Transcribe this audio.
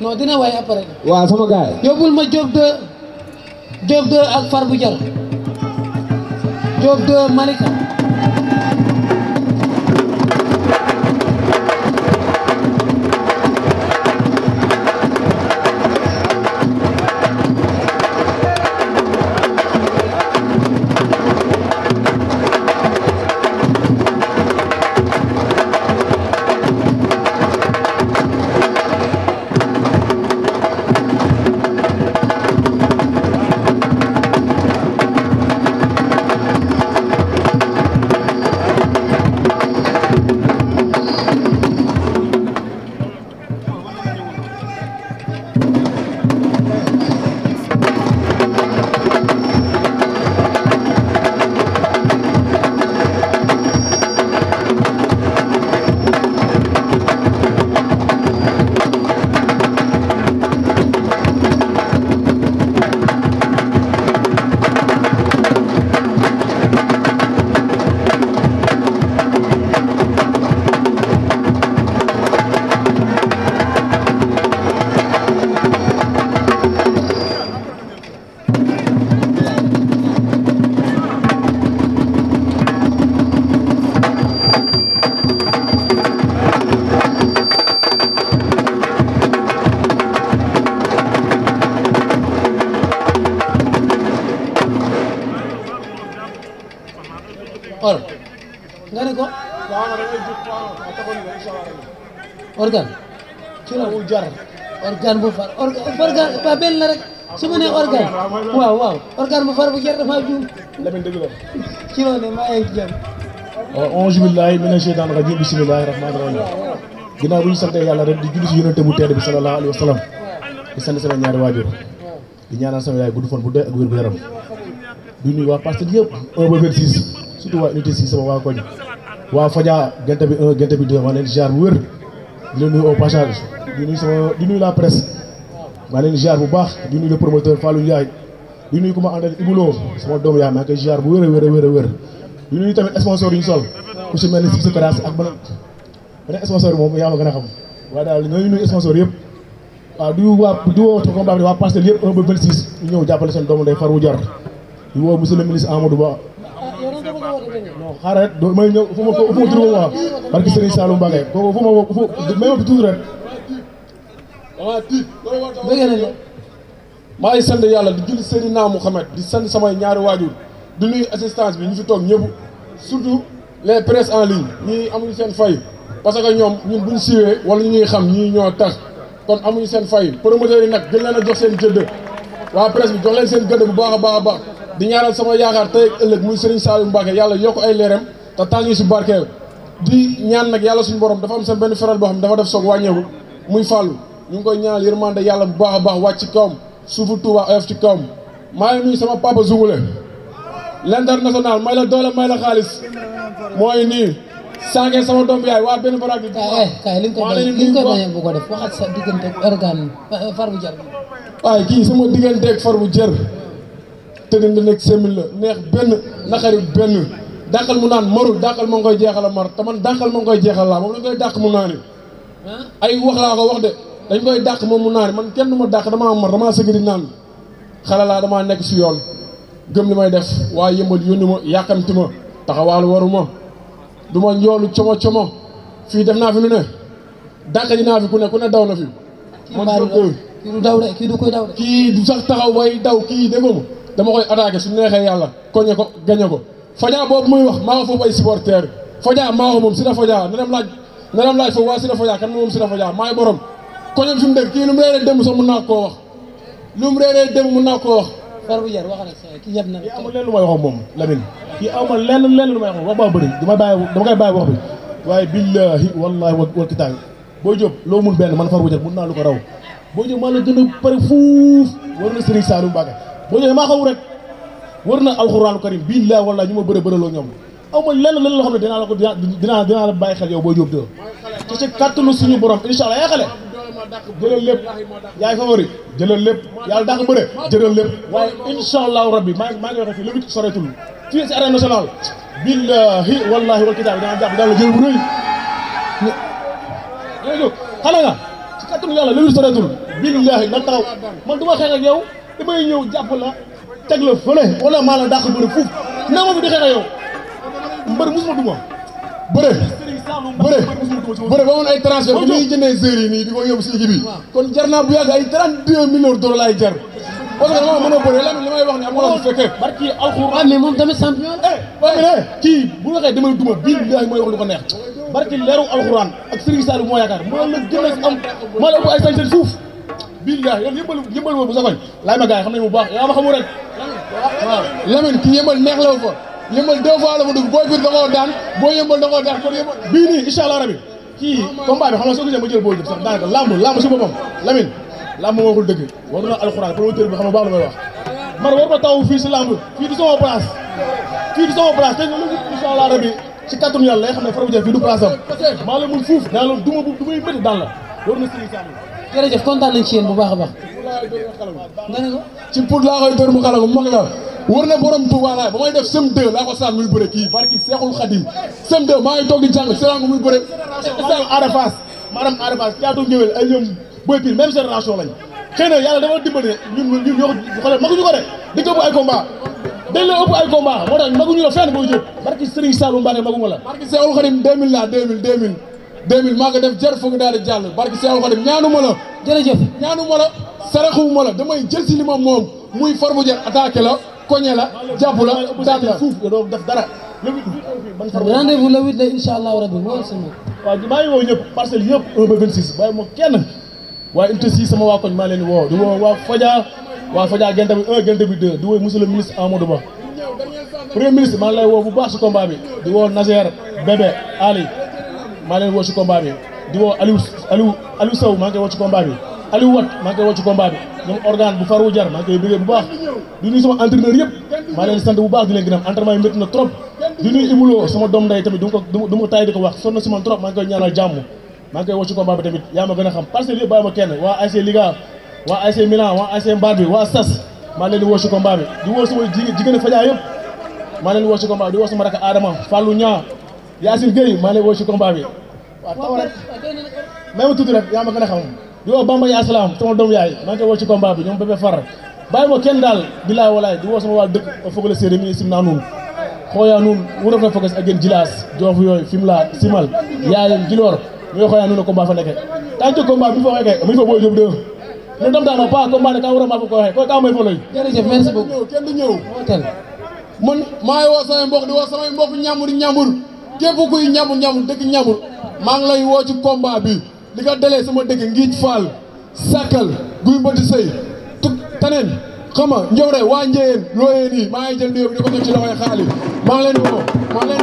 non dina way après. waaw sama gaay yi. yóbbul ma Diop de Diop de ak Farbu de Malika. or nga ne ko organ ci la jar organ bu far organ ba benn la rek su ma nee organ waaw waaw organ bu far bu jar dafa juum lamin la ci ne maa ngi jëm auzu billahi mina shaytaani rajiim bismillahi bu ñu sante yàlla rek di julli si te bu tedd bi sallallahu alayhi wa di sant sama ñaari waajur di ñaanal sama yaay gudd fan bu dee ak wér gu yaram du ñuy waa parce que surtout waa unité si sama waa koñ waa Fadia gente bi 1 gente bi 2 maa leen ziar bu wér di leen nuyu passage di nuyu sama di la presse maa bu baax di nuyu le promoteur Fallou Ndiaye di nuyu ku ma àndal Ibuloo bu wér a wér a wér a wér di nuyu tamit sponsor yu ñu sol ku si mel ni Sibsi Karaas ak beneen beneen moom yaa ma gën a xam waaye daal ñooñu nuyu sponsor yëpp waaw di waa di waa Parcelles yëpp 1 ba 26 ñu ñëw jàppale seen doom day Farou Diar di woo monsieur le ministre Amadou Ba non xaaral do may ñëw fu ma fu ma tur ma parce que Serigne ma woo fu may ma tuuti rek. dégg nañ la yàlla di julli Seydina Mouhamed di sant samay ñaari waajur di nuyu assistance bi ñu fi toog ñëpp surtout les presse en ligne am amuñu seen fay parce que ñoom ñu buñ siwee wala ñu ñuy xam ñii ñoo tax kon amuñu seen fay promoteurs yi nag gën a jox seen gëdd waa presse bi jox leen seen gëdd bu baax a baax a baax di ñaanal sama yaakaar tey ëllëg muy Serigne Saliou Mbacke yàlla yokk ay leeram te tax ñu si barkeel di ñaan nag yàlla suñu borom dafa am seen benn feral boo xam ne dafa def soog wàññeeku muy fàllu ñu ngi koy ñaanal yërmande yàlla bu baax a baax wàcc ci kawam suufu Touba oyof ci kawam maa ngi sama papa Zoungule l'international may la doole may la xaalis mooy nii sànqee sama doom yaay waa benn baraag bi. kaay eh, kaay li nga koy bañ li nga koy bañ bu ko def waxat sa digganteeg organe eh, eh, farbu jar. waaye kii sama digganteeg farbu te di nekk semin la neex benn naxari benn dàqal mu naan marul dàqal ma ngi koy jeexal a mar te man dàqal ma ngi koy jeexal laa moom dañ koy dàq mu naani ay wax laa ko wax de dañ koy dàq moom mu naani man kenn du ma dàq dama mar damaa sëgg di naan xale laa damaa nekk si yoon gëm li may def waa yëmbal yónni ma yàkkamti ma taxawaalu waru ma du ma njoolu como como fii def naa fi lu ne dàq ji naa fi ku ne ku ne daw na fi man kii du daw de kii du koy daw de kii du sax taxaw way daw kii déggoo ma dama koy attaqué su neexee yàlla koñe ko gañe ko Fadja boobu muy wax maa ko foofu ay supporter Fadja maa ko moom Sida Fadja na dem laaj na dem laaj foofu waa Sida Fadja kan moom Sida Fadja maay borom koñam fi mu dëkk kii lu mu réeree koo wax lu mu réeree démb naa koo wax barbu yar waxal ak sa kii yeb na kii amul lenn lu moom Lamine kii amul lenn lenn lu may wax wax ba bëri dama bàyyi dama koy bàyyi wax bi waaye billahi wallahi wal kitaab boo jóg loo mun benn man Farba Diatta mun naa lu ko raw boo jóg maa la gën a pare fuuf war na Serigne Saloum Mbacké boo ñëwee maa xaw rek wër na alxuraanu karim billahi wallahi ñu ma bëre bëreloo ñoom aw ma lenn lenn loo xam ne dinaa la ko dinaa dinaa la bàyyi xel yow boo jóob doo te ci kàttanu suñu borom incha allah yaa xale jëlal lépp yaay favori jëlal lépp yàlla dàq bëre jëlal lépp waaye incha rabbi maa maa ngi waxee fii soreetul fii si arène nationale billahi wallahi wal kitaab dinaa jàpp daal la jël bu rëy léegi xale nga ci kàttanu yàlla léegi soreetul billahi na taxaw man du damay ñëw jàpp la teg la fële maa la dàq bëre fuuf naa ma fi di xeex ak yow mbër musuma duma bëre bëre bëre ba woon ay transfert bu ñuy jëndee série nii di ko yóbbu si équipe kon jar naa bu yàgg ay 32 millions d'euros laay jar parce que dama mën a bëre lan li may wax ne am na su fekkee barki alxuraan eh, mais moom eh, kii bu waxee damay duma bii bilaay mooy wax lu ko neex barki leeru alxuraan ak Serigne Sall yaakaar moo la gën a am maa la ëpp ay sañ seen suuf billahi yow yëmbal yëmbal woo bu sa koñ laaj ma gars yi xam nañ bu baax yaa ma xamul rek waaw Lamine ki yëmbal neex la fa yëmbal deux fois la fa dugg boo biir da koo daan boo yëmbal da koo daan kon yëmbal bii nii incha allah rabi kii combat bi xam nga soo gisee ma jël boo jël sax daanaka lamb lamb si boppam Lamine lamb moo waxul dëgg war na alxuraan promoteur bi xam nga baax la may wax man war ma taw fii si lamb fii du sama place fii du sama place te incha allah rabi ci kàttanu yàlla lay xam ne Fara Boudiène fii du place am maa la mun fuuf daa la duma bu du may métti daan la loolu na sëriñ Saliou jërëjëf kontaan nañ ci yéen bu baax a baax. ci pour laa koy dóor mu xalaat ko mag la wër na borom Touba laay ba may def sem 2 laa ko saan muy bëre kii barki Seexul Xadim sem 2 maa ngi toog di jàng seraangu muy bëre sal arafas maanaam ay ñoom boy pir même génération lañ xëy na yàlla dafa dimbale ñun ñun ñoo ko xoolal maguñu ko de di ko ëpp ay combat dañ la ëpp ay combat moo tax barki Serigne Sallou Mbacké magu ma la barki Seexul Xadim 2000 la 2000 2000 2000 maa nga def jar foog daal di jàll barke Seydou Khadim ñaanu ma la. jërëjëf ñaanu ma la saraxu ma la damay jël si li ma moom muy farbu jar attaqué la koñe la jàpp la daan la fuuf nga doon def dara. rendez-vous le huit la incha allahu rabi moo sama. waaw maa ngi woo ñëpp parcelles yëpp 1 ba 26 bàyyi ma kenn waaye unité si sama waa koñ maa leen di woo di woo waa Fodja waa Fodja Gent bi 1 Gent bi 2 di woo monsieur le ministre Amadou Ba premier ministre maa ngi lay woo bu baax si combat bi di woo Nazer Bébé Ali. maa leen woo ci combat bi di woo Aliou Aliou Aliou maa ngi koy woo ci combat bi Aliou Wat maa ngi koy woo ci combat bi bu faru jar maa ngi koy bëggee di yëpp maa leen bu baax di leen na trop ma ko du ma ko taay di ko wax sonn na si man trop maa ngi koy a xam parce que yëpp bàyyi ma kenn waa SAS maa leen woo ci combat bi di woo sama jigéen jigéen faja yëpp maa leen di woo ci combat bi di woo sama rakk Adama Fallou Niang Yacine Gueye maa lay woo ci combat bi waaw taw rek même tuuti rek yaa ma gën a xam di woo Bamba yaa salaam sama doom yaay maa ngi koy woo ci combat bi ñoom bébé far bàyyi ma kenn daal bilaay walaay di woo waa dëkk o fogole séeréer mi sim naa nuun xooyaa nuun wuro na foges a gen jilaas joofu yooyu simal yaayam jiloor ñooy xooyaa nuun a combat fa nekke tant que combat bi fa waxee kay mi fa booy jóg de ñu dam daana pas combat ne ka wuro maa ko waxee koy ka may fa looy jërëjëf maa ngi woo samay mbokk képp kuy ñamul ñamul dëkk ñamul maa ngi lay woo ci combat bi li nga dalee sama dëkk ngiij faal sàkkal guy mbati sëy tu taneen xama njëw re waa njëyeen looyeen yi maa ngi jël nuyoo bi di ko teg ci loxoy xaali maa ngi leen di woo